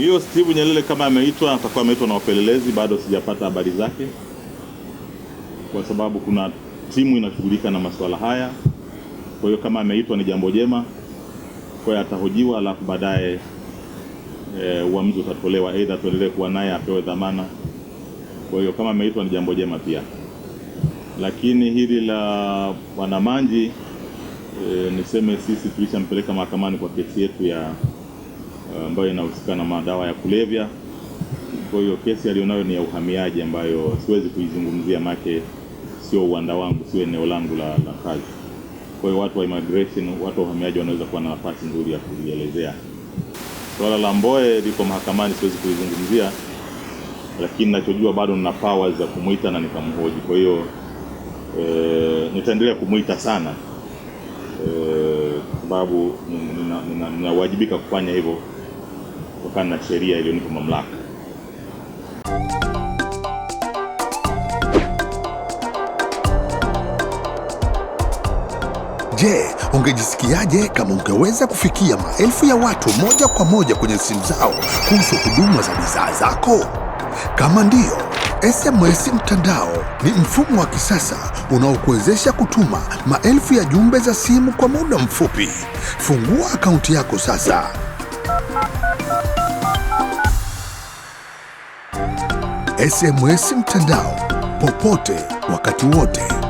hiyo Steve nyelele kama ameitwa, atakuwa ameitwa na wapelelezi, bado sijapata habari zake, kwa sababu kuna timu inashughulika na masuala haya. Kwa hiyo kama ameitwa ni jambo jema, kwa hiyo atahojiwa, alafu baadaye eh, uamuzi utatolewa, aidha tuendelee kuwa naye apewe dhamana. Kwa hiyo kama ameitwa ni jambo jema pia, lakini hili la Bwana Manji e, eh, niseme sisi tulishampeleka mahakamani kwa kesi yetu ya Eh, ambayo inahusika na madawa ya kulevya. Kwa hiyo kesi aliyonayo ni ya uhamiaji ambayo siwezi kuizungumzia, make sio uwanda wangu, sio eneo langu la, la kazi. Kwa hiyo watu wa immigration, watu wa uhamiaji wanaweza kuwa na nafasi nzuri ya kulielezea. Swala la mboe liko mahakamani, siwezi kuizungumzia, lakini nachojua bado nina powers za kumwita na nikamhoji. Kwa hiyo e, nitaendelea kumwita sana eh, kwa sababu ninawajibika nina, nina kufanya hivyo kutokana na sheria iliyonipa mamlaka. Je, ungejisikiaje kama ungeweza kufikia maelfu ya watu moja kwa moja kwenye simu zao kuhusu huduma za bidhaa zako? Kama ndiyo, SMS Mtandao ni mfumo wa kisasa unaokuwezesha kutuma maelfu ya jumbe za simu kwa muda mfupi. Fungua akaunti yako sasa. SMS mtandao popote wakati wote.